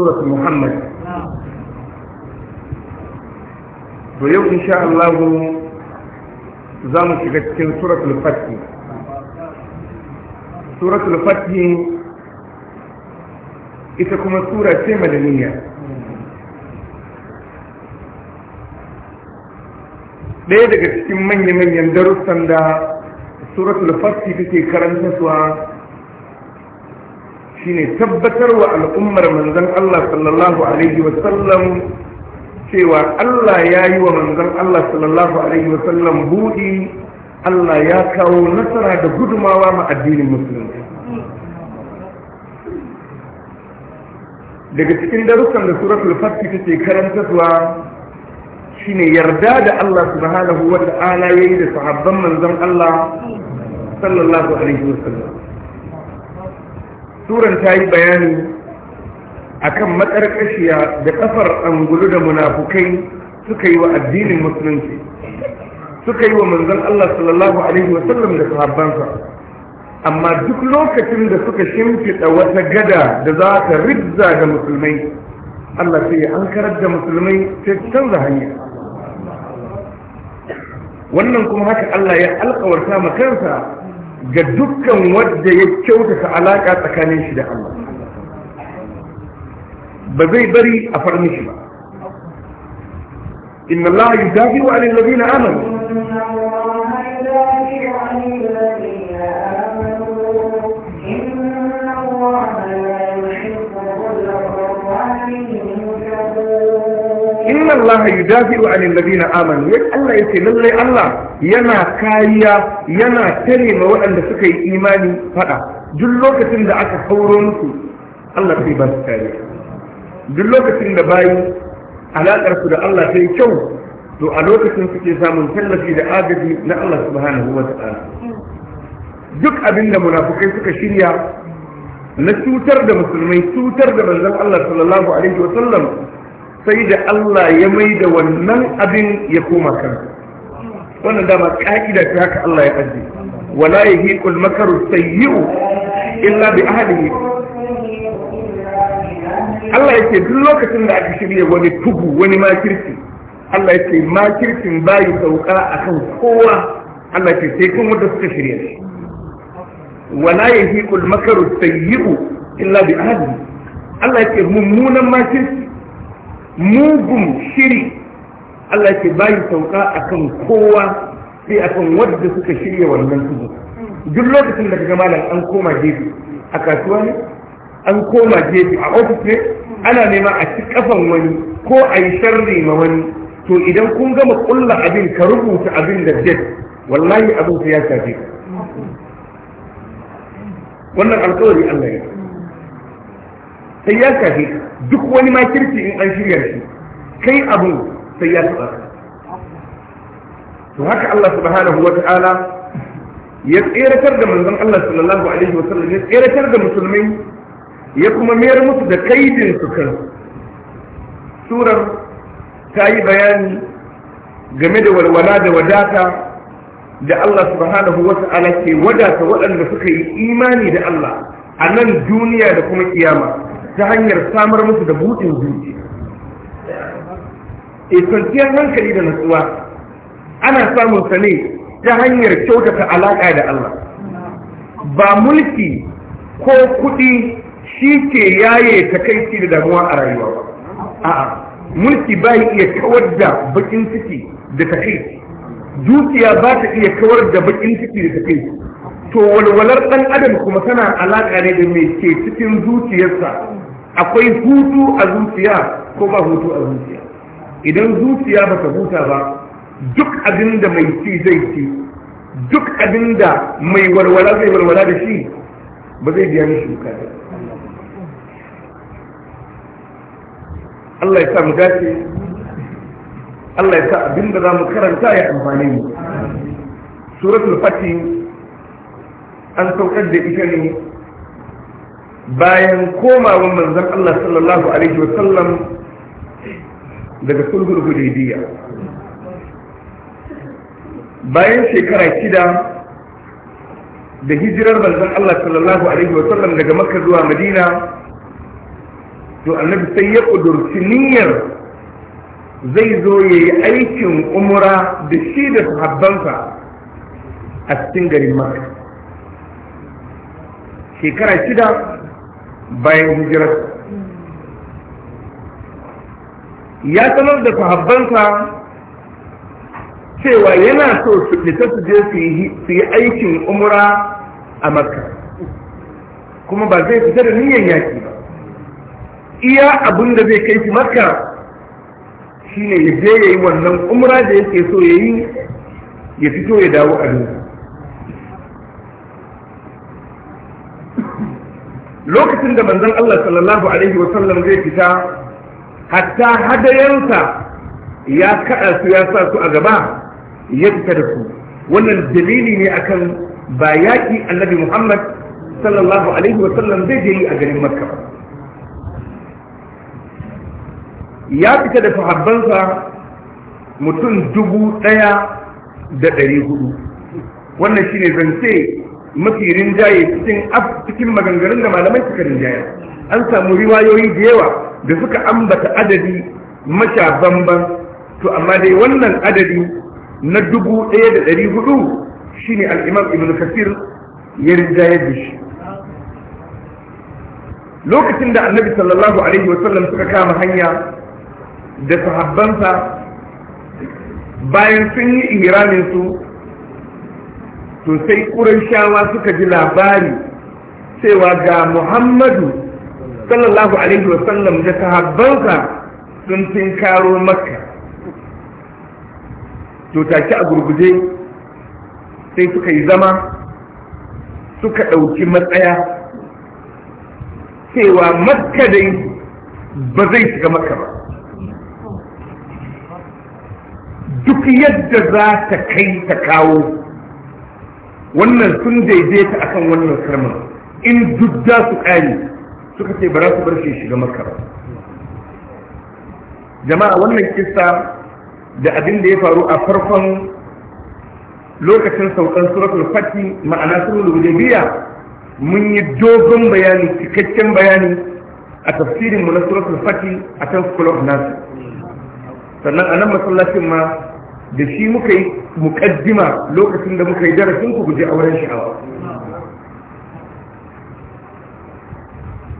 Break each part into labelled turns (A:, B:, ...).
A: suratu muhammad to insha Allah za mu shiga cikin suratul fatih suratul fatih ita kuma sura ce madaniya ɗaya daga cikin manya-manyan darussan da suratul fatih take karanta suwa shine tabbatar wa al'ummar manzan Allah sallallahu alaihi wa sallam cewa Allah ya yi wa manzan Allah sallallahu alaihi wa sallam buɗi Allah ya kawo nasara da gudumawa ma addinin musulunci daga cikin darussan da suratul fatih take karantarwa shine yarda da Allah subhanahu wa ta'ala yayi da sahabban manzon Allah sallallahu alaihi wa sallam Turan ta yi bayani akan matsarkashiya da kafar angulu da munafukai suka yi wa addinin musulunci suka yi wa manzon Allah sallallahu alaihi wasallam da sahabbansa amma duk lokacin da suka shimfiɗa wata gada da za ta rizza ga musulmai Allah sai ya ankarar da musulmai sai canza hanya wannan kuma haka Allah ya alkawarta ma kansa ga dukkan wanda ya kyautata alaƙa tsakanin shi da Allah ba zai bari a farmishi ba inna Allah yudafi wa alil ladina amanu
B: inna allaha yudafi'u
A: 'anil ladina amanu yai Allah yace lallai Allah yana kariya yana tare ma waɗanda suka yi imani fada duk lokacin da aka hauro musu Allah sai ba su kariya duk lokacin da bayi alaƙar su da Allah ta yi kyau to a lokacin suke samun tallafi da agaji na Allah subhanahu wa ta'ala duk abin da munafukai suka shirya na cutar da musulmai cutar da manzon Allah sallallahu alaihi wa sallam sai da Allah ya mai da wannan abin ya koma kansa wannan dama ka'ida ta haka Allah ya ajiye wala yahiqul makaru sayyi'u illa bi ahlihi Allah yake duk lokacin da aka shirya wani tugu wani makirci Allah yake makircin bayi sauka akan kowa Allah yake sai kuma wanda suka shirya shi wala yahiqul makaru sayyi'u illa bi ahlihi Allah yake mummunan makirci mugun shiri Allah ke bayi sauka akan kowa sai kan wadda suka shirya wannan tudu duk lokacin da ga malam an koma gefe a kasuwa ne an koma gefe a ofis ne ana nema a ci kafan wani ko a yi sharri ma wani to idan kun gama kulla abin ka rubuta abin da jet wallahi abin ya shafe wannan alkawari Allah ya sai ya shafe duk wani makirci in an shirya shi kai abu sai ya taɓa to haka Allah subhanahu wa ta'ala ya tseratar da manzon Allah sallallahu alaihi wa sallam ya tseratar da musulmai ya kuma mayar musu da kaidin su kan surar ta yi bayani game da walwala da wadata da Allah subhanahu wa ta'ala ke wadata waɗanda suka yi imani da Allah a nan duniya da kuma kiyama ta hanyar samar musu da buɗin zuci e kwanciyar hankali da nasuwa ana samun sa ne ta hanyar kyautata alaƙa da Allah ba mulki ko kuɗi shi ke yaye takaici da damuwa a rayuwa ba a'a mulki ba iya kawar da bakin ciki da kai dukiya ba ta iya kawar da baƙin ciki da kai to walwalar ɗan adam kuma tana alaƙa ne da mai ke cikin zuciyarsa akwai hutu a zuciya ko ba hutu a zuciya idan zuciya ba ta huta ba duk abin da mai ci zai ci duk abin da mai warwara zai warwara da shi ba zai biya mishi shuka. ba Allah ya sa mu dace Allah ya sa abin da za mu karanta ya amfani mu suratul fatih an saukar da ita ne bayan komawan manzan Allah sallallahu alaihi wasallam daga sulhul hudaybiya bayan shekara shida da hijirar manzan Allah sallallahu alaihi wasallam daga Makka zuwa Madina to annabi sai ya kudurci niyyar zai zo ya yi aikin umura da shi da sahabbansa a cikin garin maka shekara shida bayan hijirar ya sanar da sahabbansa cewa yana so su fita su je su yi aikin umura a makka kuma ba zai fita da niyyar yaki ba iya abin da zai kai shi makka shine ya je ya yi wannan umura da yake so ya yi ya fito ya dawo a duniya lokacin da manzon Allah sallallahu alaihi wa sallam zai fita hatta hadayansa ya kada su ya sa su a gaba ya fita da su wannan dalili ne akan ba yaki annabi Muhammad sallallahu alaihi wa sallam zai je a garin Makka ya fita da sahabbansa mutum dubu ɗaya da ɗari hudu wannan shine zance mafi rinjaye cikin cikin maganganun da malamai suka rinjaye an samu riwayoyi da yawa da suka ambata adadi masha bamban to amma dai wannan adadi na dubu ɗaya da ɗari hudu shine al'imam ibn kasir ya rinjaye shi lokacin da annabi sallallahu alaihi wasallam suka kama hanya da sahabbansa bayan sun yi ihramin su to sai shawa suka ji labari cewa ga muhammadu sallallahu alaihi wasallam da sahabbansa sun karo makka to take a gurguje sai suka yi zama suka ɗauki matsaya cewa maka dai ba zai shiga makka ba duk yadda za ta kai ta kawo wannan sun daidaita a kan wannan karman in duk za su ƙari suka ce ba za su bar shi shiga maka ba jama'a wannan kista da abin da ya faru a farkon lokacin saukan suratul fati ma'ana suratul biya mun yi dogon bayani cikakken bayani a tafsirin mu na suratul fati a can school of nasu sannan a nan masallacin ma da shi muka yi mukaddima lokacin da muka yi darasin ku a auren sha'awa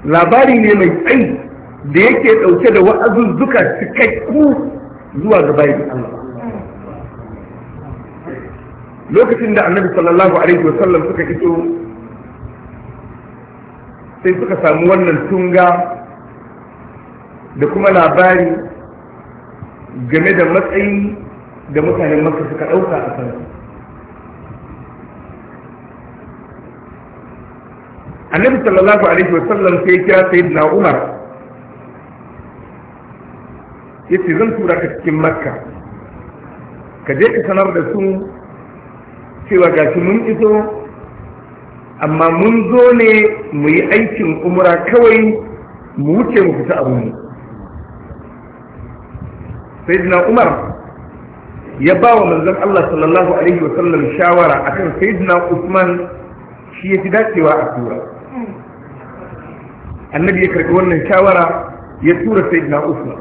A: labari ne mai tsayi da yake ɗauke da zuka cikakku zuwa ga bayan Allah lokacin da annabi sallallahu alaihi wa sallam suka fito sai suka samu wannan tunga da kuma labari game da matsayi da mutanen maka suka ɗauka a kansu annabi sallallahu alaihi wa sallam sai kira sayyidina umar yace zan tura ka cikin makka ka je ka sanar da su cewa ga shi mun iso amma mun zo ne mu yi aikin umra kawai mu wuce mu fita abu mu sayyidina umar ya ba wa manzon Allah sallallahu alaihi wa sallam shawara akan sayyidina Usman shi ya fi dacewa a tura annabi ya karɓi wannan shawara ya tura sayyidina Usman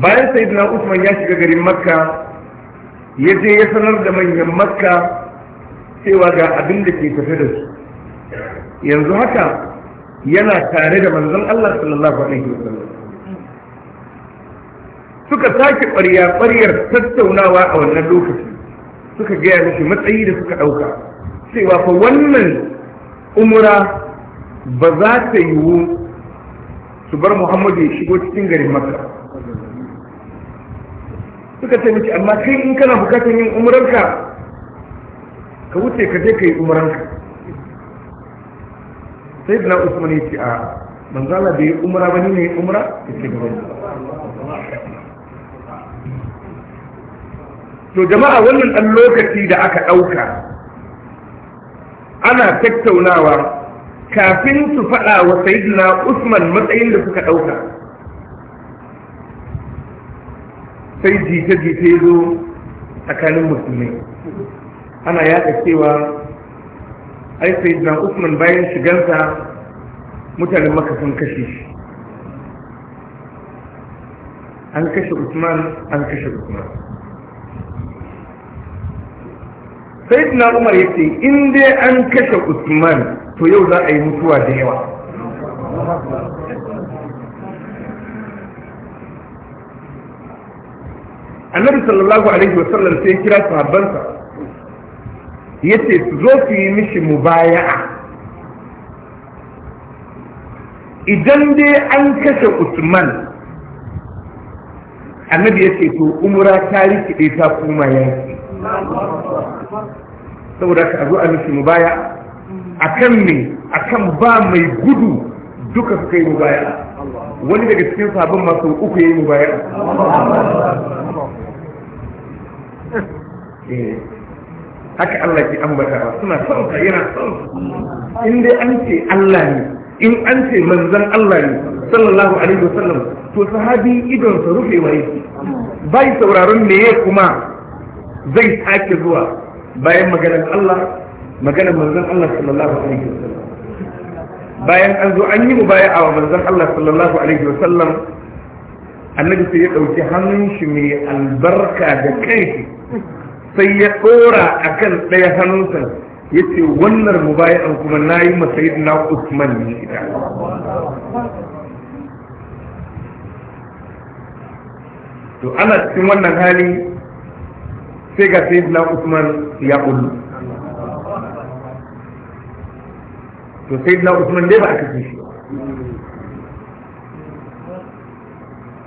A: bayan sayyidina Usman ya shiga garin Makka ya je ya sanar da manyan Makka cewa ga abin da ke tafe da su yanzu haka yana tare da manzon Allah sallallahu alaihi wa sallam suka sake ƙwarya ƙwaryar tattaunawa a wannan lokaci suka gaya mishi matsayi da suka ɗauka cewa fa wannan umura ba za ta yiwu su bar muhammadu ya shigo cikin garin makka suka ce mishi amma kai in kana bukatar yin umuranka ka wuce ka je ka yi umuranka sai da na usman ya ce a manzala da ya umura ba ne ya umura ya ce gaba to jama'a wannan ɗan lokaci da aka ɗauka ana tattaunawa kafin su faɗa wa sayidina usman matsayin da suka ɗauka sai jita-jita zo tsakanin musulmi ana yaɗa cewa ai sayidina usman bayan shigansa mutanen maka sun kashe shi an kashe usman an kashe usman sai na umar ya ce in dai an kashe usman to yau za a yi mutuwa da yawa annabi sallallahu alaihi wa sallam sai kira sahabbansa ya ce zo su yi mishi mubaya'a idan dai an kashe usman annabi ya ce to umura ta rikide ta kuma yaki saboda ka zo a mishi mu baya akan ne akan ba mai gudu duka suka yi mu baya wani daga cikin sabon masu uku ya yi mu baya eh, haka Allah ke ambatawa suna son ka yana son in dai an ce Allah ne in an ce manzan Allah ne sallallahu alaihi wasallam to sahabi idon sa rufe wa yake bai sauraron me kuma zai sake zuwa bayan maganar Allah maganar manzon Allah sallallahu alaihi wasallam bayan an zo an yi mu mubaya'a wa manzon Allah sallallahu alaihi wasallam annabi sai ya dauki hannun shi mai albarka da kai sai ya dora akan ɗaya hannunsa yace wannan mubaya'an kuma nayi ma sayyidina Usman ne ita to ana cikin wannan hali sai ga sayyidina usman ya kullu to sayyidina usman dai ba a kashe shi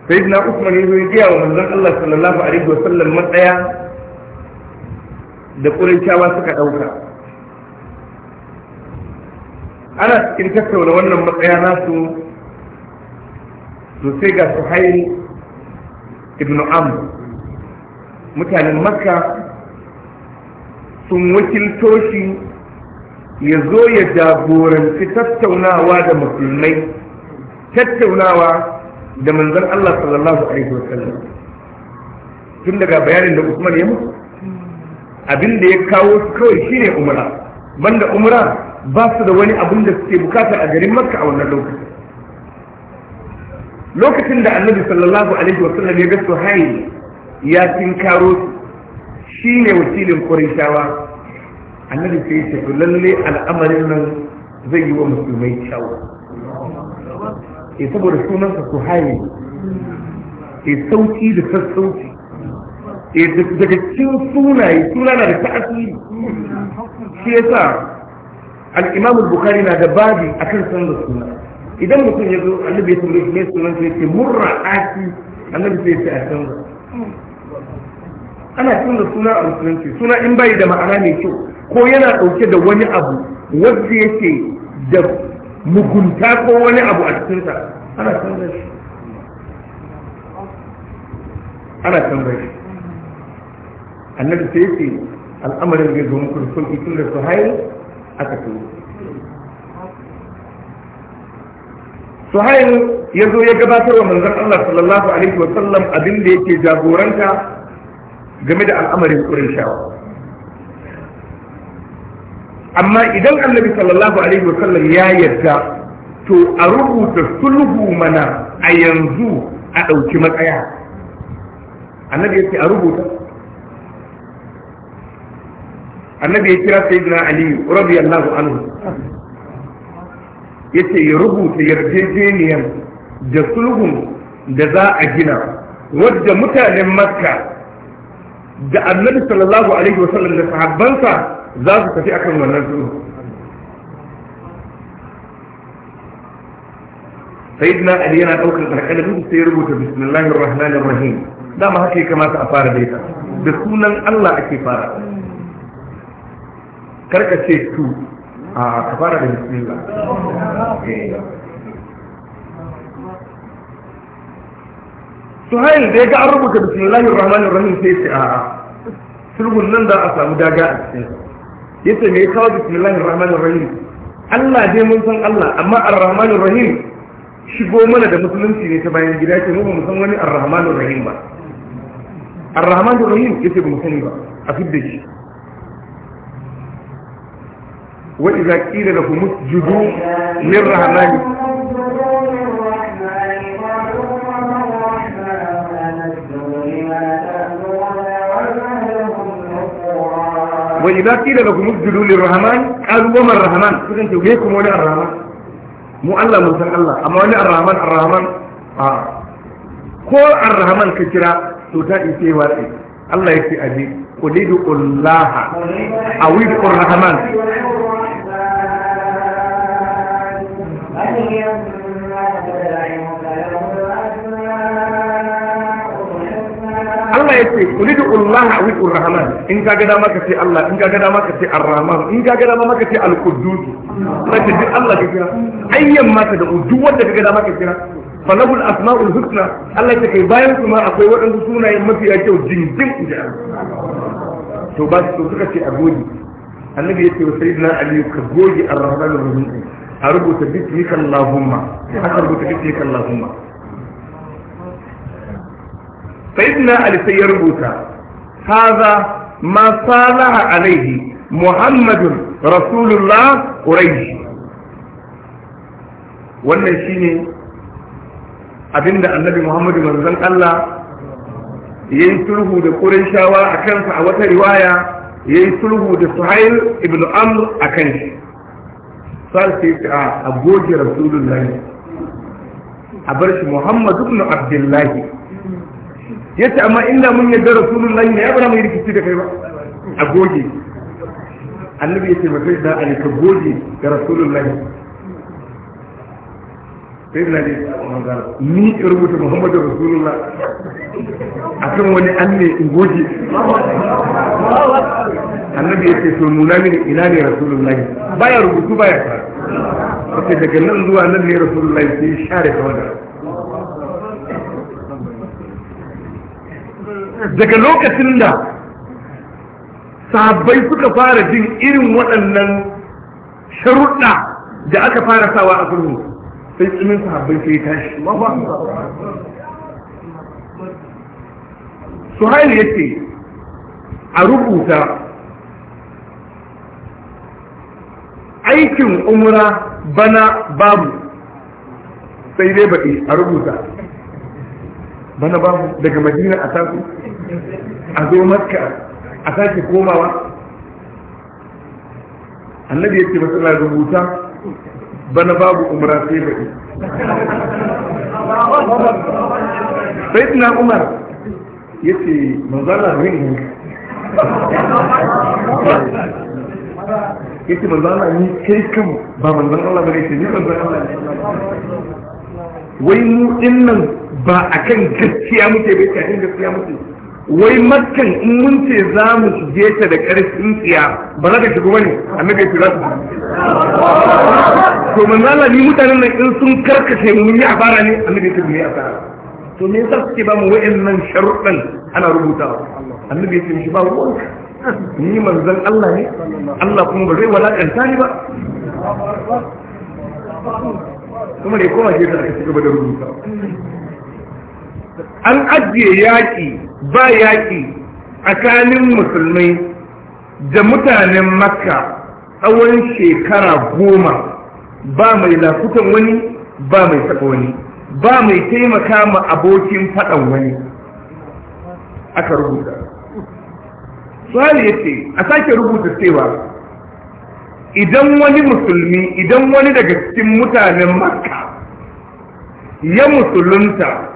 A: sayyidina usman ya zo ya gaya wa manzon Allah sallallahu alaihi wa sallam matsaya da ƙurayshawa suka ɗauka ana cikin tattauna wannan matsaya nasu to sai ga suhail ibn amr mutanen makka sun wakilto shi ya zo ya jagoranci tattaunawa da musulmai tattaunawa da manzan Allah sallallahu alaihi wasallam tun daga bayanin da Usman ya mutu abin da ya kawo su kawai shine umra banda umara ba su da wani abin da suke bukatar a garin makka a wannan lokacin lokacin da annabi sallallahu alaihi wasallam ya ga haini ya tinkaro su shi ne wakilin ƙurishawa annabi sai ya tafi lalle al'amarin nan zai yi wa musulmai kyau ya eh, saboda sunansa su haye eh, ya sauki da sassauci e daga cikin sunaye suna na da ta'asiri
C: shi ya sa
A: al'imamu bukari na da babi san da suna idan mutum ya zo annabi ya tambaye shi sunan sai ya ce murra aki annabi sai ya ce a canza ana canza suna a musulunci suna in bai da ma'ana mai kyau ko yana ɗauke da wani abu wanda yake da mugunta ko wani abu a cikinsa ana canza shi ana canza shi annabi sai yake al'amarin da zo muku da yi tun da su hayo aka su suhail ya zo ya gabatar wa manzan Allah sallallahu alaihi wa sallam abin da yake jagoranta game da al'amarin ƙurayshawa amma idan annabi sallallahu alaihi wasallam ya yadda, to a rubuta sulhu mana a yanzu a ɗauki matsaya annabi ya ce a rubuta annabi ya kira sayyidina ali radiyallahu anhu yace ya rubuta yarjejeniyar da sulhun da za a gina wadda mutanen makka da annabi sallallahu alaihi wa sallam da sahabbansa za su tafi akan wannan sulhu sayyidina ali yana daukar duk sai rubuta bismillahir rahmanir rahim ma haka ya kamata a fara ita da sunan Allah ake fara karka ce tu a ka fara da bismillah eh. suhail da ya ga an rubuta bismillahi rahmanir rahim sai ce a'a sulhun nan da a samu daga a cikin yace me ya kawo bismillahi rahmanir rahim Allah dai mun san Allah amma ar-rahmanir rahim shigo mana da musulunci ne ta bayan gida ce mun mu san wani ar-rahmanir rahim ba ar-rahmanir rahim ya ce mu sani ba a da shi وإذا قيل لهم min للرحمن wa idza qila lakum usjudu lirrahman qalu wa man rahman kusan ce kuma wani arrahman mu Allah mun Allah amma wani arrahman arrahman a ko arrahman ka kira to ta ise wa sai Allah yake aje qul idullaha aw idur rahman
B: Allah ya ce kuli da Allah a wikin
A: rahman in ka gada dama ka ce Allah in ka gada dama ka ce ar in ka gada dama ka ce al-quddus sai duk Allah ka kira ayyan maka da duk wanda ka ga dama ka kira falahul asma'ul husna Allah ya kai bayan kuma akwai waɗansu sunaye mafiya kyau jinjin inda to ba su suka ce a goge annabi ya ce wa sayyidina ali ka goge ar-rahman ar-rahim a rubuta bismika allahumma haka rubuta bismika allahumma sayyidina ali sai ya rubuta haza ma salaha alaihi muhammadun rasulullah quraish wannan shine abinda annabi muhammadu manzon Allah yayi sulhu da qurayshawa a kansa a wata riwaya yayi sulhu da suhail ibn amr a kan shi sai sai a goge rasulullahi a bar shi muhammadu ibn abdullahi yace amma inda mun yadda rasulullahi ne ya bara mu rikici da kai ba a goge annabi yace ba sai da ali ka goge ga rasulullahi sai da ne ni rubuta muhammadu rasulullah akan wani an ne in goge annabi yace to nuna mini ina ne rasulullahi baya rubutu baya ta sai daga nan zuwa nan ne rasulullahi sai share ta wannan daga lokacin da sahabbai suka fara jin irin waɗannan sharuɗa da aka fara sawa a kurmi sai tsimin sahabbai sai tashi suhail ya ce a rubuta aikin umura bana babu sai dai baɗi a rubuta bana babu daga madina a tafi a zo makka a sake komawa annabi ya ce ba suna rubuta bana babu umara sai baɗi sai tuna umar ya ce manzana rin ya ce manzana ni kai kan ba manzan Allah bane ce ni manzan Allah wai mu nan ba a kan gaskiya muke bai kafin gaskiya muke wai makkan in mun ce za mu shige ta da karfin tsiya ba za ka shigo bane annabi ya za su to mun zala ni mutanen nan in sun karkace mu mun yi abara ne annabi ya tabbata asara to me yasa suke ba mu nan sharuɗan ana rubutawa annabi ya ce shi ba wanka, ni manzon Allah ne Allah kuma ba zai walakanta ni ba kuma da ya koma shi da aka ci gaba da rubutawa an ajiye yaƙi ba yaƙi tsakanin musulmai da mutanen makka tsawon shekara goma ba mai lafutan wani ba mai saka wani ba mai taimaka ma abokin faɗan wani aka rubuta tsari ya ce a sake rubuta cewa idan wani musulmi idan wani daga cikin mutanen makka ya musulunta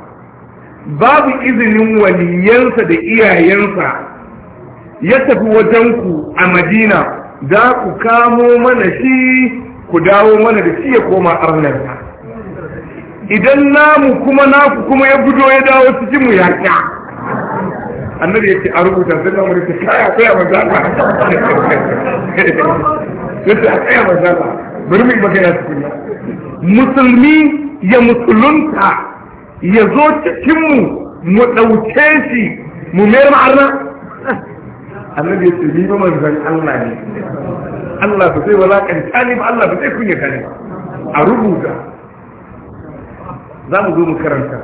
A: babu izinin waliyansa da iyayensa ya tafi wajenku a madina za ku kamo mana shi ku dawo mana da shi ya koma arnarsa idan namu kuma naku kuma ya gudo ya dawo cikin mu ya sha annabi ya ce a rubuta sai na mulki kaya kaya manzala Sai a kaya manzala bari mu yi magana cikin musulmi ya musulunta ya zo cikinmu mu ɗauke shi mu mayar ma'arna annabi ya ce ni ba manzan Allah ne Allah ba zai walakanta ni ba Allah ba zai kunyata ne a rubuta za mu zo mu karanta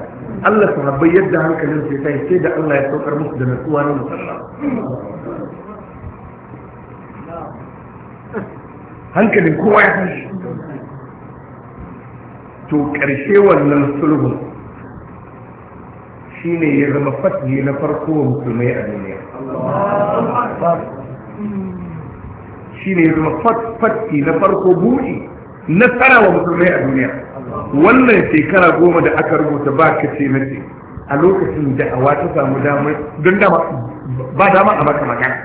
A: Allah su habbai yadda hankalin sai kai sai da Allah ya saukar musu da natsuwa na musamman hankalin kowa ya to ƙarshe wannan sulhun shine ya zama fatihi na farko wa musulmai a duniya shine ya zama fatihi na farko buɗi na nasara wa musulmai a duniya wannan shekara goma da aka rubuta ba ka ce na a lokacin da a ta samu damar don dama ba dama a maka magana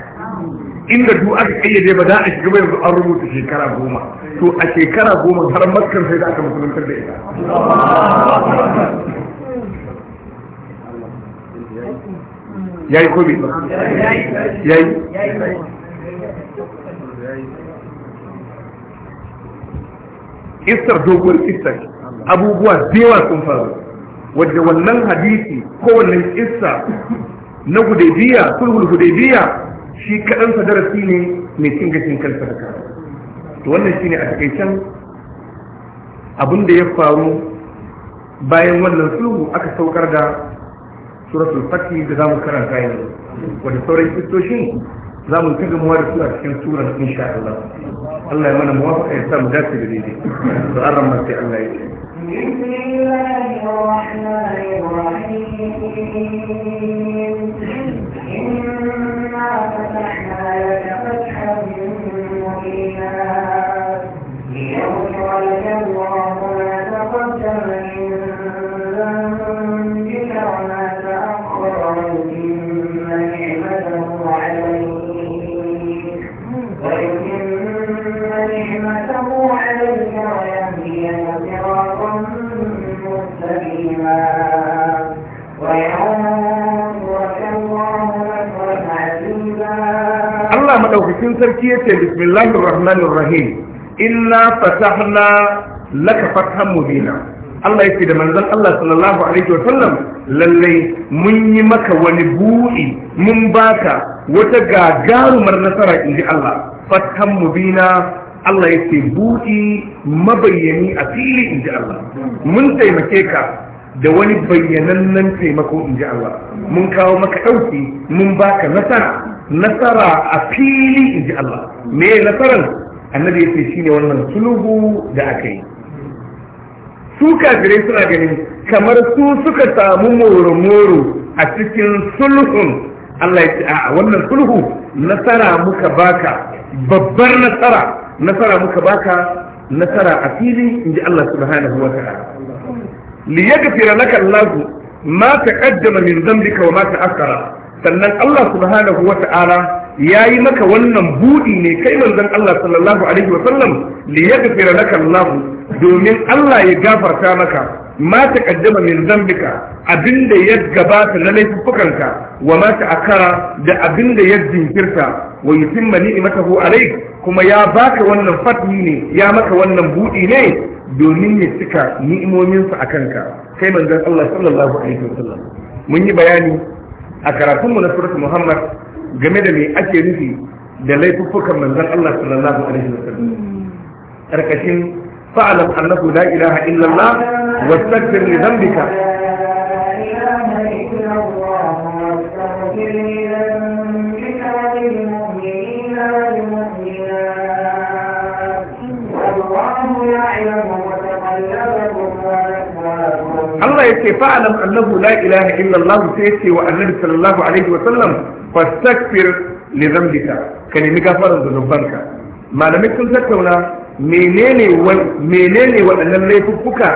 A: inda duk aka kayyade ba za a shiga ba yanzu an rubuta shekara goma to a shekara goma har makar sai da aka musulmantar da ita
C: ya yi kobe ya yi
A: istar doguwar istar abubuwa zewa sun faru wadda wannan hadisi ko wannan isa na hudaybiya sulhul hudaybiya shi kaɗansa darasi ne mai cin gashin kansa da kawo to wannan shine a takaicen abin da ya faru bayan wannan sulhu aka saukar da suratul fatih da zamu karanta yanzu wanda sauran kistoshin za mu kaga muwa da su a cikin surar insha Allah Allah ya mana muwafaqa ya sa mu dace da daidai to an ramar sai Allah ya ce
B: بسم الله الرحمن الرحيم إنا فتحنا لك فتحا مبينا ليغفر لك الله Allah
A: madaukakin sarki yace bismillahir rahmanir rahim inna fatahna laka fathan mubina Allah yake da manzon Allah sallallahu alaihi wa sallam lalle mun yi maka wani bu'i mun baka wata gagarumar nasara inji Allah fathan mubina Allah yake bu'i mabayyani a fili inji Allah mun taimake ka da wani bayyanannen taimako inji Allah mun kawo maka dauki mun baka nasara nasara a fili in ji Allah me nasaran annabi ya ce ne wannan sulhu da aka yi su kafirai suna ganin kamar su suka samu moro-moro a cikin sulhun Allah ya ce a wannan sulhu nasara muka baka babbar nasara nasara muka baka nasara a fili in ji Allah subhanahu wa ta'ala li yaghfira laka Allah ma taqaddama min dhanbika wa ma ta'akhkhara sannan Allah subhanahu wa ta'ala ya yi maka wannan buɗi ne kai manzon Allah sallallahu alaihi wa sallam li yaghfira laka Allah domin Allah ya gafarta maka ma taqaddama min zambika abinda ya gabata na laifukanka wa ma ta'akkara da abinda ya jinkirta wa yutimma ni'matahu alaik kuma ya baka wannan fatni ne ya maka wannan buɗi ne domin ya cika ni'imominsa akanka kai manzon Allah sallallahu alaihi wa sallam mun yi bayani a karatunmu na surat muhammad game da me ake nufi da laifuffukan manzon Allah sallallahu alaihi wasallam karkashin fa'alam annahu la ilaha illallah wastaghfir li dhanbika yace fa'alam annahu la ilaha illa Allah sai yace wa annabi sallallahu alaihi wa sallam li dhanbika ka nemi gafaran zunubanka malamai sun tattauna menene menene waɗannan laifuffuka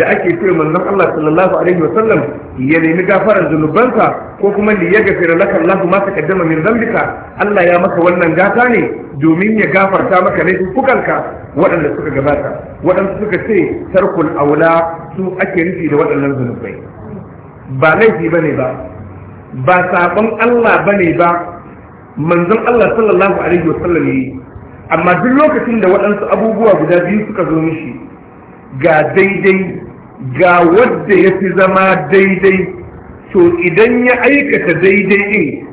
A: da ake cewa manzon Allah sallallahu alaihi wa sallam ya nemi gafarar zunubansa ko kuma li ya gafira laka Allah ma kaddama min zambika Allah ya maka wannan gata ne domin ya gafarta maka laifukanka waɗanda suka gabata waɗanda suka ce tarkul aula su ake rufi da waɗannan zunubai ba laifi ba ne ba ba sabon Allah ba ne ba manzon Allah sallallahu alaihi wa wasallam yi amma duk lokacin da waɗansu abubuwa guda biyu suka zo mishi ga daidai ga wadda ya fi zama daidai to idan ya aikata daidai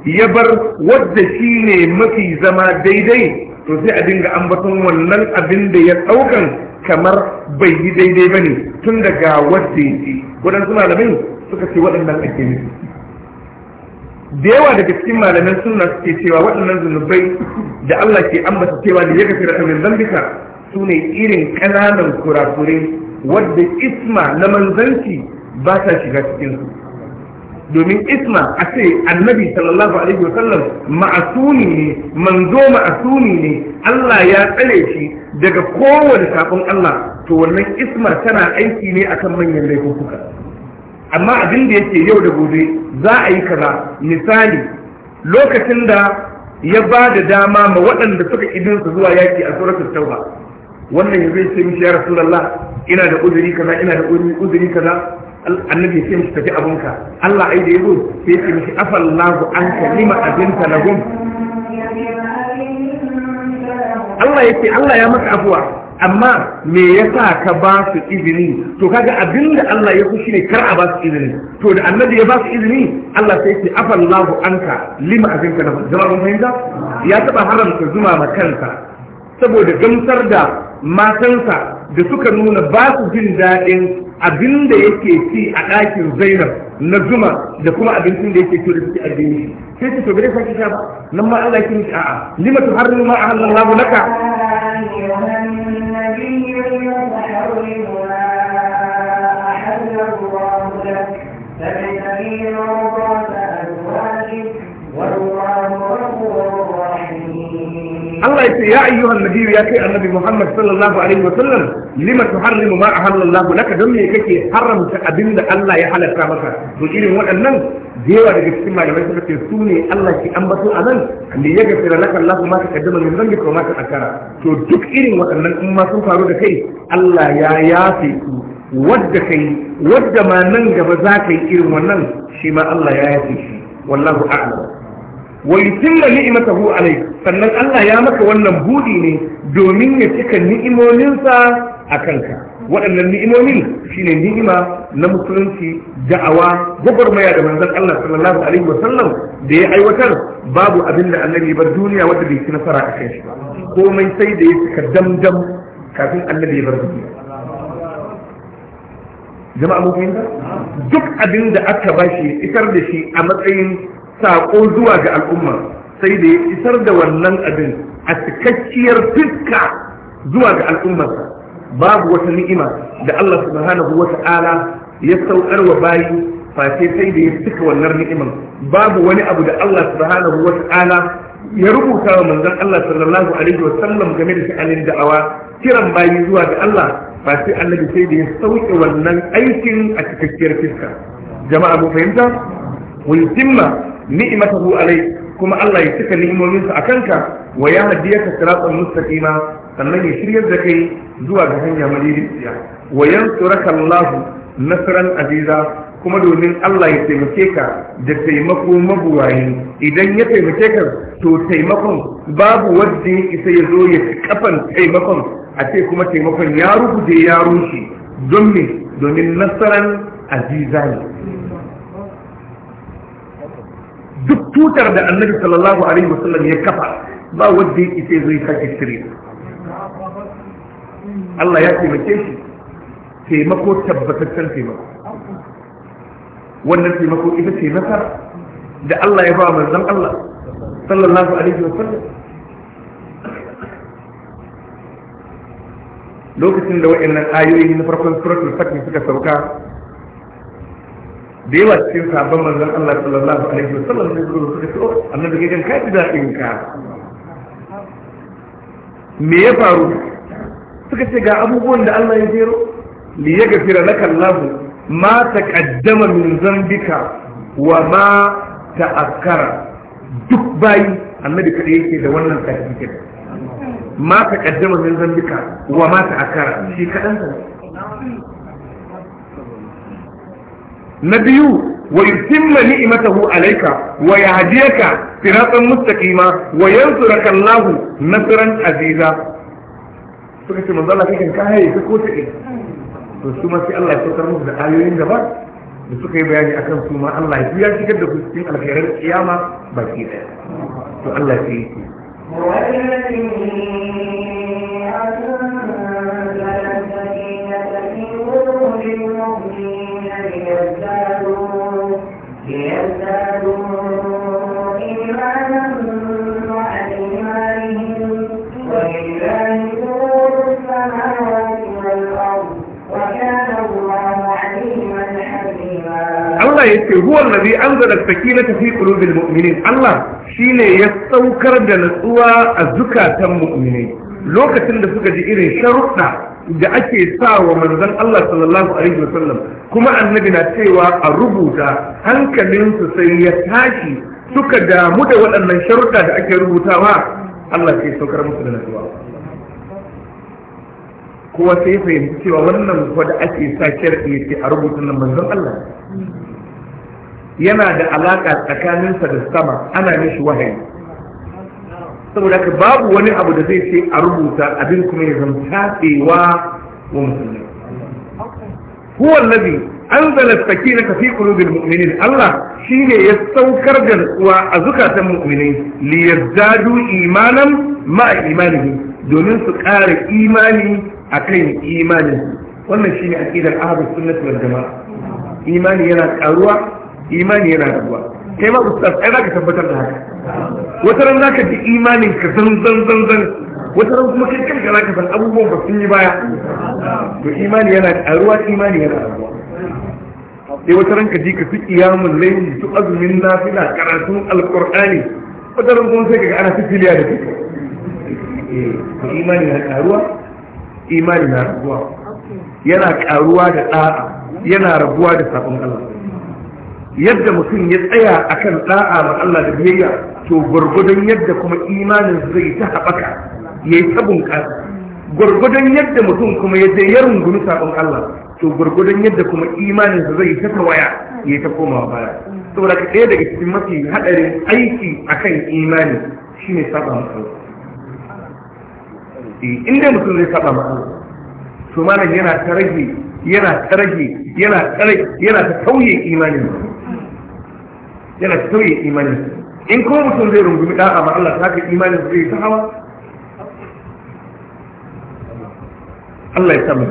A: ɗin ya bar wadda shi ne mafi zama daidai to sai a dinga ambaton wannan abin da ya ɗaukan kamar bai yi daidai ba ne tun ga wadda ya ci waɗansu malamin suka ce waɗannan ake nufi da yawa daga cikin malamin suna suke cewa waɗannan zunubai da Allah ke ambata cewa da ya gafi da zambika su ne irin ƙananan kurakurai wadda isma na manzanci ba ta shiga cikinsu domin isma a ce annabi sallallahu alaihi wa sallam ma'asuni ne manzo ma'asuni ne Allah ya tsale shi daga kowane sakon Allah to wannan isma tana aiki ne akan manyan laifuka amma abin da yake yau da gobe za a yi kaza misali lokacin da ya ba da dama ma waɗanda suka idinsu zuwa yaki a suratul tauba wannan ya zai ce mishi ya rasulullah ina da uzuri kaza ina da uzuri kaza annabi ya ce mishi tafi abinka Allah ai da yazo sai ya ce mishi afallahu anka lima na lahum Allah ya ce Allah ya maka afuwa amma me yasa ka ba su izini to kaga abin da Allah ya so shine kar a ba su izini to da annabi ya ba su izini Allah sai ce afallahu anka lima azinta lahum zama mun fahimta ya taba haramta zuma ma kansa saboda gamsar da matansa da suka nuna ba su jin daɗin abin da yake ci a ɗakin zainab na zuma da kuma abincin da yake ci da suke addini sai su tobe da sake sha ba nan ma Allah kin a'a lima tu harri ma Allah laka
B: فبتغي مرضات Allah ya ce ya
A: ayyuhan nabiyyu ya kai annabi Muhammad sallallahu alaihi wa sallam lima tuharrimu ma ahallallahu laka don me kake haramta abin da Allah ya halatta maka to irin waɗannan da yawa daga cikin malamai suka ce su ne Allah ki ambato a nan ne ya gafira laka Allah ma ka kaddama min zangi ko ma ka akara to duk irin waɗannan in ma sun faru da kai Allah ya yafe wadda ma nan gaba za ka yi irin wannan shi ma Allah ya yafe shi wallahu wa yutimma ni'matahu alayk sannan Allah ya maka wannan buɗi ne domin ya cika ni'imominsa a kanka waɗannan ni'imomi shine ni'ima na musulunci da'awa gwagwarmaya da manzon Allah sallallahu alaihi wasallam da ya aiwatar babu abin da annabi bar duniya wanda bai ci nasara a kai shi ba komai sai da ya cika damdam kafin annabi bar duniya jama'a mun fahimta duk aka bashi da shi a matsayin saƙo zuwa ga al'umma sai da ya isar da wannan abin a cikakkiyar fiska zuwa ga al'ummarsa babu wata ni'ima da Allah subhanahu wa ta'ala ya saukar wa bayi face sai da ya cika wannan ni'iman babu wani abu da Allah subhanahu wa ta'ala ya rubuta wa manzon Allah sallallahu alaihi wa sallam game da sha'anin da'awa kiran bayi zuwa ga Allah ba sai annabi sai da ya sauke wannan aikin a cikakkiyar fiska jama'a mu fahimta wa yutimma ni'matahu alai kuma Allah ya cika ni'imominsa a kanka wa ya hadiyaka siratan mustaqima sannan ya shiryar da kai zuwa ga hanya madidiciya wa yansuraka Allah nasran aziza kuma domin Allah ya taimake ka da taimako mabuwayi idan ya taimake ka to taimakon babu wanda ya isa ya zo ya kafan taimakon a ce kuma taimakon ya rubuje ya rushe don domin nasaran aziza ne duk tutar da annabi sallallahu alaihi wasallam ya kafa ba wanda ya isa zai sake shirya
C: Allah ya taimake
A: shi taimako tabbataccen taimako wannan taimako ita ce nasara da Allah ya ba manzon Allah sallallahu alaihi wasallam lokacin da wa'annan ayoyi na farkon suratul fatin suka sauka da yawa cikin sabon manzon Allah sallallahu alaihi wasallam ne zuwa suka ce oh, annabi gidan ka ji daɗin ka me ya faru suka ce ga abubuwan da Allah ya jero li yaghfira laka Allah ma taqaddama min zambika wa ma ta'akkara duk bayi annabi kada yake da wannan tsakiya ma taqaddama min zambika wa ma ta'akkara shi kadan na biyu ويتم نعمته عليك ويهديك wa مستقيما وينصرك الله نصرا عزيزا suka ce manzo Allah kake kan haye ko ta ina to su ma sai Allah ya saukar da ayoyin gaba da suka yi bayani akan su ma Allah ya biya shigar da su cikin alkhairar kiyama baki daya to Allah sai yake
B: وَالَّذِي ليزدادوا إيمانا مع ولله نور السماوات والأرض وكان الله عليما حكيما الله يقول هو
A: الذي أنزل السكينة في قلوب المؤمنين الله شيني يستوكر da natsuwa a zukatan mu'minai lokacin da suka ji irin sharuɗa da ake sa wa manzon Allah sallallahu alaihi wasallam kuma annabi na cewa a rubuta hankalinsu sai ya tashi suka damu da waɗannan sharuɗa da ake rubutawa Allah sai saukar musu da nasuwa kowa sai fahimci cewa wannan kuwa da ake sa sharɗi ya ce a rubuta nan manzon Allah yana da alaƙa tsakaninsa da sama ana mishi wahayi saboda ka babu wani abu da zai ce a rubuta abin kuma ya zama tatsewa wa musulmi huwa an anzala tsaki na kafi qulubil mu'minin Allah shine ya saukar da nutsuwa a zukatan mu'minai li imanan ma imanihi domin su ƙara imani akan imanin wannan shine aqidar ahlus sunnah wal jamaa imani yana ƙaruwa, imani yana rabuwa kai ma ustaz ai tabbatar da haka wata ran ka ji imanin ka zan zan zan zan wata ran kuma kai kanka ka san abubuwan ba sun yi baya to imani yana karuwa imani yana karuwa sai wata ran ka ji ka fi iyamun laifin su azumin nafila karatun alkur'ani wata ran kuma sai kaga ana fitiliya da duka eh, to imani na karuwa imani na rabuwa yana karuwa da da'a yana rabuwa da sabon Allah yadda mutum ya tsaya akan da'a ma Allah da biyayya to gwargwadon yadda kuma imanin zai ta haɓaka ya yi ta ƙasa Gwargwadon yadda mutum kuma ya je ya rungumi sabon Allah to gwargwadon yadda kuma imanin zai ta tawaya ya ta koma baya saboda ka ɗaya daga cikin mafi haɗarin aiki akan imani shine saba masa eh, in inda mutum zai saba masu to malam yana ta rage yana ta rage yana ta tauye imanin yana tauye imanin in ko mutum zai rungumi da'a ma Allah ta ka imanin zai ta hawa Allah ya samu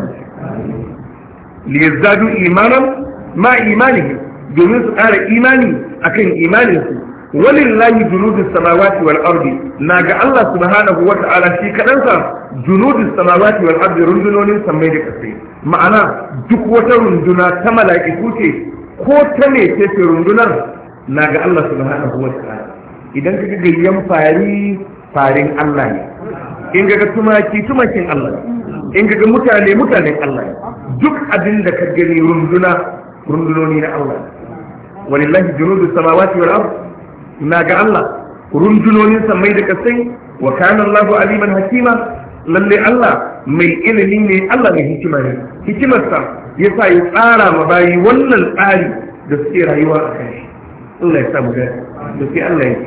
A: li yazdadu imanan ma imanihi domin su ƙara imani akan imanin su walillahi junudus samawati wal ardi na ga Allah subhanahu wa ta'ala shi kadan sa junudus samawati wal ardi rundunonin sammai da kasai ma'ana duk wata runduna ta mala'iku ce ko ta ne ce rundunar na ga Allah su wa ta'ala idan ka ga gayyan fari farin Allah ne in ga tumaki tumakin Allah ne in ga mutane mutanen Allah ne duk abin da ka gani runduna rundunoni na Allah walillahi junudu samawati wal ard na ga Allah rundunonin samai da kasai wa kana Allahu aliman hakima lalle Allah mai ilimi ne Allah mai hikima ne hikimarsa ya sa ya tsara ma bayi wannan tsari da suke rayuwa a kai Allah ya samu gari to sai Allah ya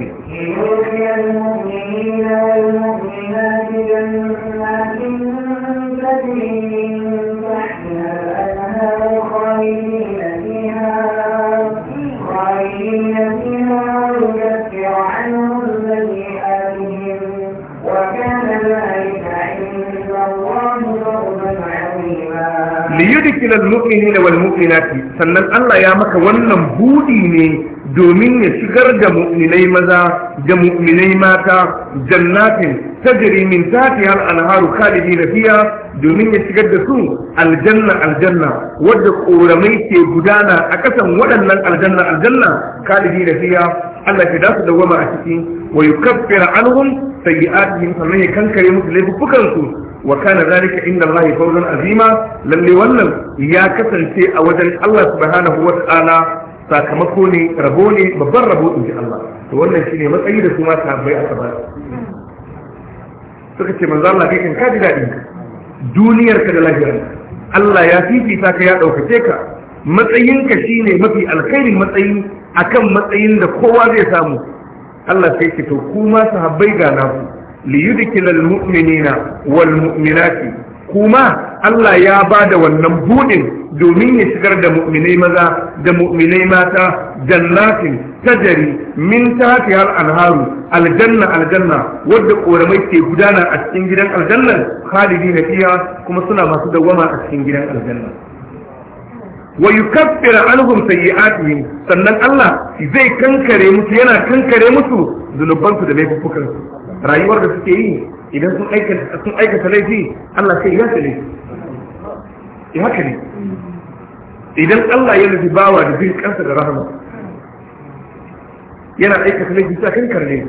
B: ce خالدين
A: liyudkilal mu'minina wal mu'minati sannan Allah ya maka wannan budi ne domin ya shigar da mu'minai maza da mu'minai mata jannatin tajri min tahtiha al-anharu khalidina fiha domin ya shigar da su aljanna aljanna wadda koramai ke gudana a kasan waɗannan aljanna aljanna khalidina fiha Allah ya dasu dawama a ciki wa yukaffira anhum sayyi'atihim sannan ya kankare musu laifukan su wa kana zalika inda Allah fawzan azima lalle wannan ya kasance a wajen Allah subhanahu wa ta'ala sakamako ne rabo ne babban rabo in ji Allah to wannan shine matsayi da kuma sahabbai aka ba suka ce manzo Allah kai ka ji dadin duniyar ka da lafiyar Allah ya fifita ka ya ɗaukace ka matsayinka shine mafi alkhairin matsayi akan matsayin da kowa zai samu Allah sai ce to kuma sahabbai ga naku liyudkila almu'minina walmu'minati kuma Allah ya ba da wannan budin domin ya shigar da mu'minai maza da mu'minai mata jannatin tajari min tafi har aljanna aljanna wadda koramai ke gudana a cikin gidan aljannan khalidi na fiya kuma suna masu dawama a cikin gidan aljannan. wa yukaffiru anhum sayyi'atihim sannan Allah zai kankare musu yana kankare musu zunubansu da laifukansu rayuwar da suke yi idan sun aikata laifi Allah sai ya tsare ya haka ne idan Allah ya nufi bawa da bin kansa da rahama yana aikata laifi sai kan karne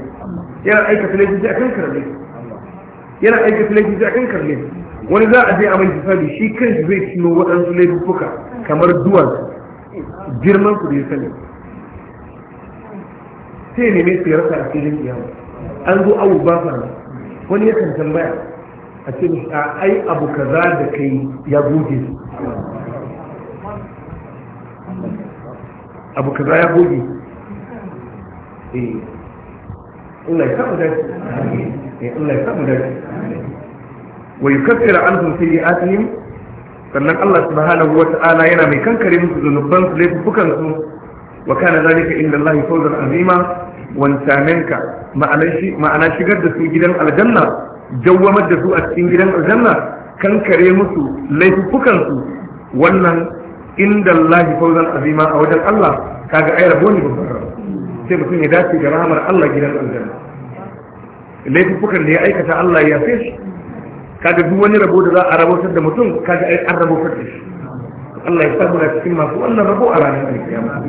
A: yana aikata laifi sai kan karne yana aikata laifi sai kan karne wani za a je a mai tafi shi kanshi zai cino waɗansu laifuka kamar duwan girman ku da ya sani sai ne mai tsira ta a cikin kiyama an zo abu ba fara wani yakan tambaya a ce a ai abu kaza da kai ya goge su abu kaza ya goge eh Allah ya samu dace eh Allah ya samu dace wa yukaffiru anhum sannan Allah subhanahu wa ta'ala yana mai kankare musu zunubansu laifukan su wa kana zalika inda Allah fawzan azima wancanenka ma'ana shigar da su gidan aljanna jawwamar da su a cikin gidan aljanna kankare musu laifukansu wannan inda Allah fauzan azima a wajen Allah kaga ai rabo ne babban rabo sai mutum ya dace da rahamar Allah gidan aljanna laifukan da ya aikata Allah ya fi shi kaga duk wani rabo da za a rabotar da mutum kaga ai an rabo da shi Allah ya samu na cikin masu wannan rabo a ranar alkiyama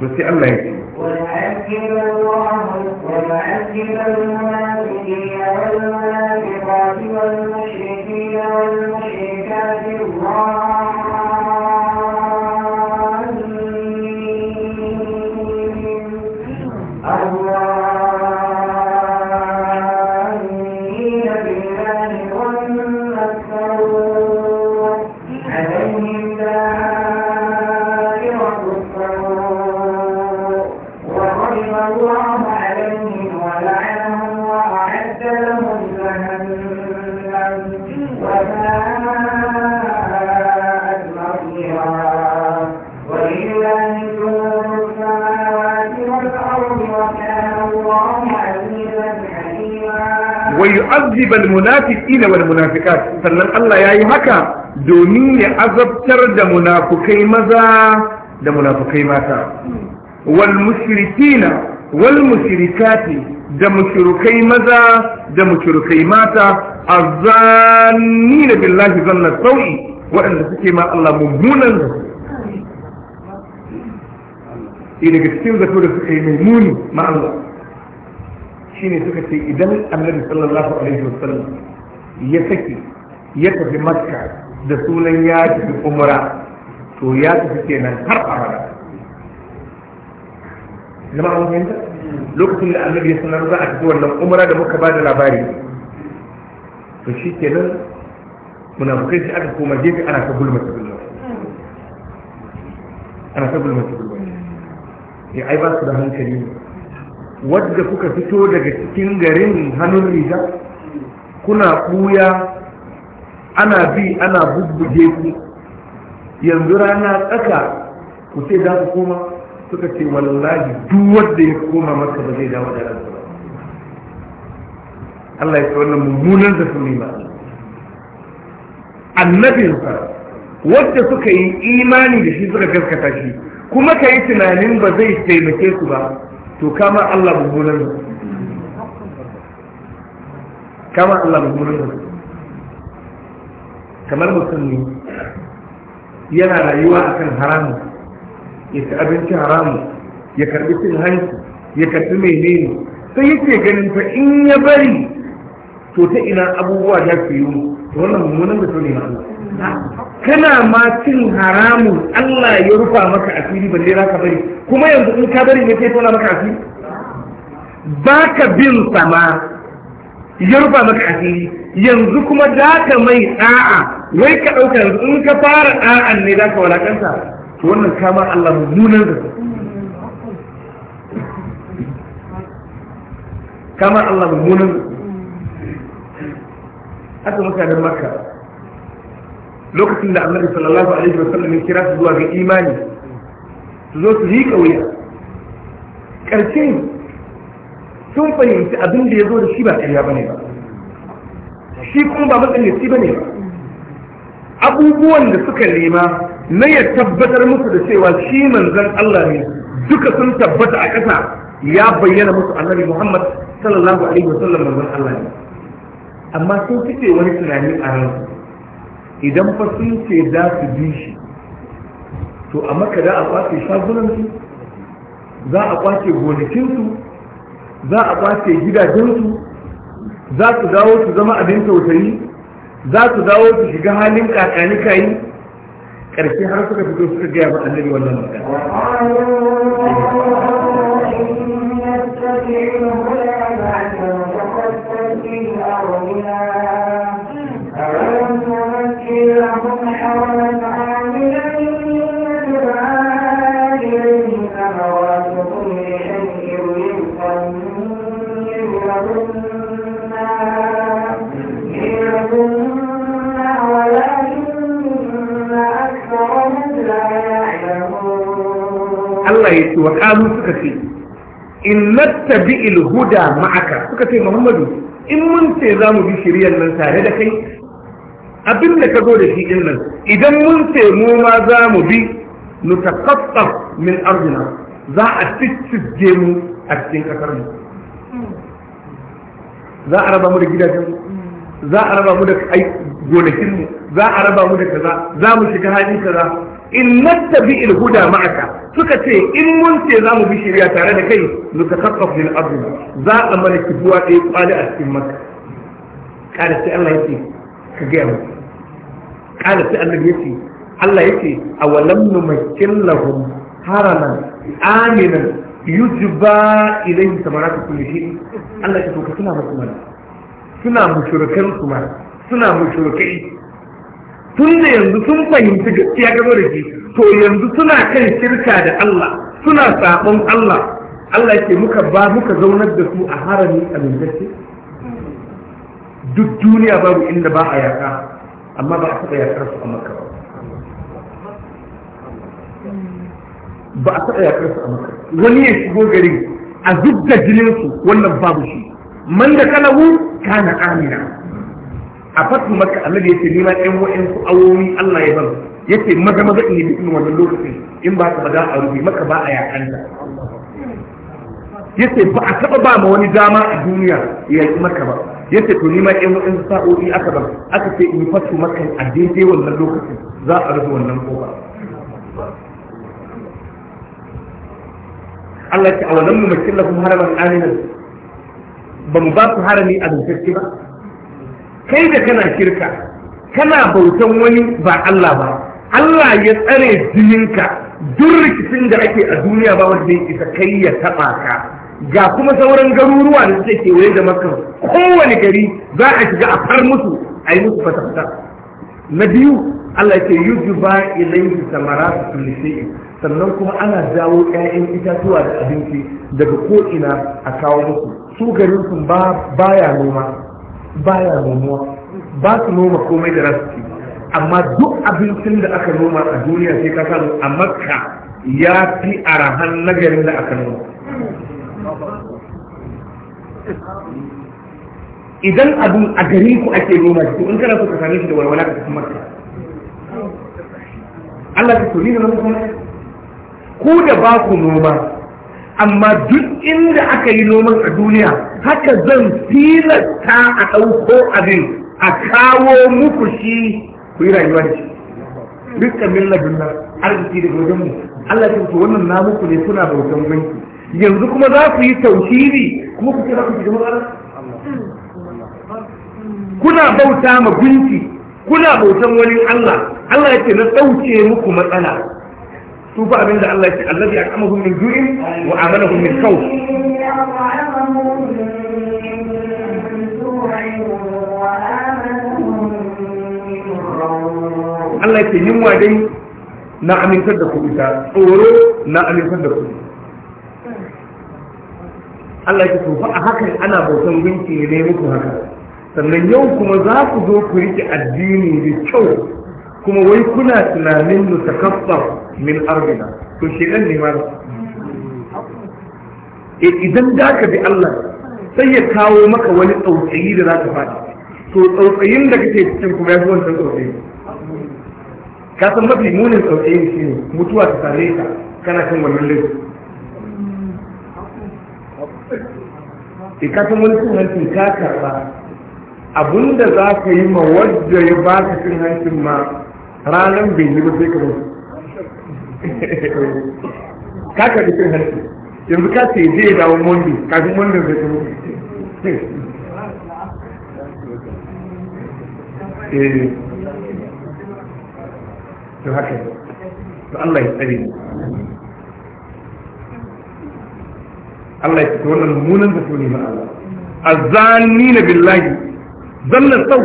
A: to sai Allah ya ce
B: ويعذب الله ويعذب المنافقين والمنافقات والمشركين والمشركات الله
A: ليعذب المنافقين والمنافقات sannan Allah yi haka domin ya azabtar da munafukai maza da munafukai mata wal mushrikina wal mushrikati da mushrikai maza da mushrikai mata azzannina billahi zanna sau'i waɗanda suke ma Allah mummunan zato daga cikin zato da muni ma Allah shine suka ce idan annabi sallallahu alaihi wasallam ya saki ya tafi makka da sunan ya tafi umra to ya tafi kenan har abada zama an fahimta lokacin da annabi ya sanar za a tafi wannan umra da muka ba da labari to shi kenan munafukai sai aka koma gefe ana ta gulma ta gulma ana ta gulma ta gulma ya ai ba su da hankali ne wadda kuka fito daga cikin garin hannun riga kuna ɓuya ana bi ana bubbuge ku yanzu rana tsaka ku ce za ku koma suka ce wallahi duk wadda ya koma maka ba zai dawo da ransa ba Allah ya ce wannan mummunan da su annabin sa wadda suka yi imani da shi suka gaskata shi kuma ka yi tunanin ba zai taimake su ba to kama Allah mummunan kama Allah mummunan kamar musulmi yana rayuwa akan haramu ya ci abinci haramu ya karbi cin hanci ya karbi menene sai yake ganin fa in ya bari to ta ina abubuwa za su yi to wannan mummunan zato ne na Allah kana ma cin haramun Allah ya rufa maka asiri balle za ka bari kuma yanzu in ka bari ne ke tona maka asiri ba ka bin sama ya rufa maka asiri yanzu kuma za ka mai a'a wai ka ɗauka yanzu in ka fara a'a ne za ka walakanta to wannan kama Allah mummunan da kama Allah mummunan da haka mutanen makka lokacin da annabi sallallahu alaihi wasallam ya kira su zuwa ga imani su zo su yi kauya karshe sun fahimci abin da ya zo da shi ba ƙarya bane ba shi kuma ba matsayin da bane ba abubuwan da suka nema na ya tabbatar musu da cewa shi manzan Allah ne duka sun tabbata a ƙasa ya bayyana musu annabi Muhammad sallallahu alaihi wasallam manzan Allah ne amma sun fice wani tunani a ransu idan fa sun ce za su bi shi to a maka za a kwace shagunansu za a kwace gonakinsu za a kwace gidajensu za su dawo su zama abin tausayi za su dawo su shiga halin kakani kayi ƙarshe har suka fito suka gaya ma annabi wannan magana Allah ya ce wa kalu suka ce in nattabi'il huda ma'aka suka ce Muhammadu in mun ce za mu bi shiriyar nan tare da kai abin da ka zo da shi din nan idan mun ce mu ma za mu bi nu nutaqaffaf min ardina za a tsitsige mu a cikin kasar mu za a raba mu da gidajen mu za a raba mu da gonakin mu za a raba mu da kaza za mu shiga hali kaza in nattabi'il huda ma'aka suka ce in mun ce za mu bi shirya tare da kai ta kakaf lil ardi za a mana kibuwa ɗaya kwali a cikin maka kada sai Allah ya ce ka gaya mu kada sai Allah ya ce Allah ya ce a walam numakkin lahum haraman aminan yujba ilayhi samaratu kulli shay Allah ya tuka suna musu mana suna mushrikan su mana suna mushrikai tun da yanzu sun fahimci gaskiya gaba da shi to yanzu suna kan shirka da Allah suna sabon Allah Allah ke muka ba muka zaunar da su a harami lullace duk duniya babu inda ba a yaƙa amma ba a taɓa yaƙar su a makka ba ba a taɓa yaƙar su a makka wani ya shigo garin a zub da jininsu wannan babu shi man da kalahu kana amina a fatu maka annabi ya ce nima ɗan wa'in su awowi Allah ya bar yace maza maza in yi irin wannan lokacin in ba ka ba za a rufe maka ba a yakanta yace ba a taba ba ma wani dama a duniya ya yi maka ba yace to ni ma in in sa'o'i aka ba aka ce in fasu maka a daidai wannan lokacin za a rufe wannan kofa Allah ya ce a wannan mu makin lahum haraman aminan ba mu ba su harami a dukkan ba kai da kana shirka kana bautan wani ba Allah ba Allah ya tsare jininka duk rikicin da ake a duniya ba wanda ya isa kai ya taɓa ka ga kuma sauran garuruwa da suke kewaye da makka kowane gari za a shiga a far musu a yi musu fata-fata na biyu Allah ke yi juba ilaihi samara su tulise sannan kuma ana jawo 'ya'yan itatuwa da abinci daga ko'ina a kawo musu su garin sun ba baya noma ba su noma komai da rasu amma duk abincin da aka noma a duniya sai ka samu a makka ya fi arahan nagarin da aka noma idan abin a gari ku ake noma shi in kana so ka same shi da walwala ka tafi makka Allah ka tori da mutum ku da ba ku noma amma duk inda aka yi noman a duniya haka zan tilasta a ɗauko abin a kawo muku shi ku yi rayuwa ne, shi dukkan milladun nan arziki da gudun mu Allah ya ce wannan na muku ne suna bautan banki. yanzu kuma za ku yi tauhidi kuma ku kira ku ji jama'a kuna bauta ma gunki kuna bautan wani Allah Allah ya ce na dauke muku matsala su fa abinda Allah ya ce allazi akamahu min ju'in wa amanahu min khawf
B: وآمنوا Allah ke yin dai
A: na amintar da ku ita tsoro na amintar da ku Allah ke tofa a hakan ana bautan gunki ne muku haka sannan yau kuma za ku zo ku rike addini da kyau kuma wai kuna tunanin mutakaffar min ardina to shedan ne ma eh, idan da ka bi Allah sai ya kawo maka wani tsautsayi da za ka faɗi to tsautsayin da kake cikin kuma ya fi wancan tsautsayi ka san mafi munin ne shi ne mutuwa ta tare ka kana cin wannan laifin ka san wani cin hancin ka karɓa abinda za ka yi ma wadda ya ba ka cin hancin ma ranar bai yi ba sai ka zai ka karɓi cin hancin yanzu ka ce zai dawo mondi kafin mondin zai kuma eh to haka ne to Allah ya tsari mu Allah ya fito wannan mummunan da ne na Allah azani na billahi zanna sau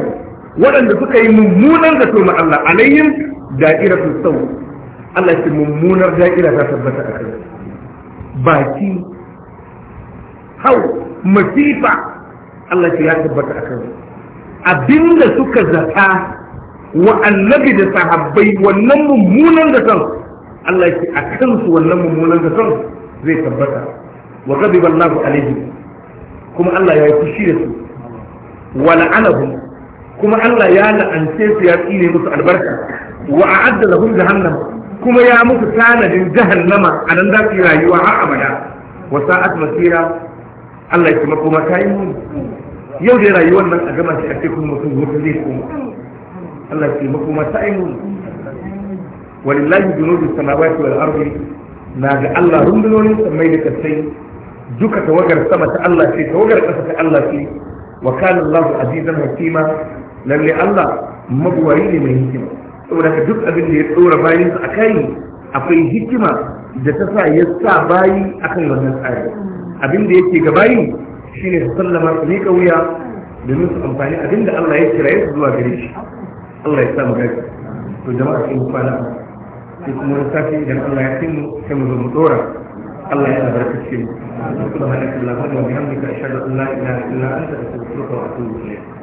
A: waɗanda suka yi mummunan zato na Allah alayhim da'iratu sau Allah ya mummunar da'ira ta tabbata a kai baki hau masifa Allah ya tabbata a kai abinda suka zata wa annabi da sahabbai wannan mummunan da san Allah ya ce a kansu wannan mummunan da san zai tabbata wa ghadiba Allahu alaihim kuma Allah ya yi fushi da su wa la'anahum kuma Allah ya la'ance su ya tsine musu albarka wa a'adda lahum jahannam kuma ya musu tanadin jahannama a nan za su yi rayuwa har abada wa Allah ya kuma kuma ta yi yau rayuwar nan a gama shi a cikin mutum mutum zai koma Allah ya taimako mata ainihin walillahi junudu samawati wal ardi na ga Allah rundunonin samai da kasai duka tawagar sama ta Allah ce tawagar ƙasa ta Allah ce wa kana Allah azizan hakima lalle Allah mabuwari ne mai hikima saboda ka duk abin da ya tsora bayin a kai akwai hikima da ta sa ya sa bayi akan wannan tsari abin da yake ga bayi shine su sallama su miƙa wuya domin su amfani abin da Allah ya kira su zuwa gare shi Allah ya sa mu gari to jama'a sun kwana kuma wani sati idan Allah ya fi mu sai mu zo mu dora Allah ya albarkace mu subhanakallahumma wa
C: bihamdika ashhadu an la ilaha illa anta astaghfiruka wa atubu ilayk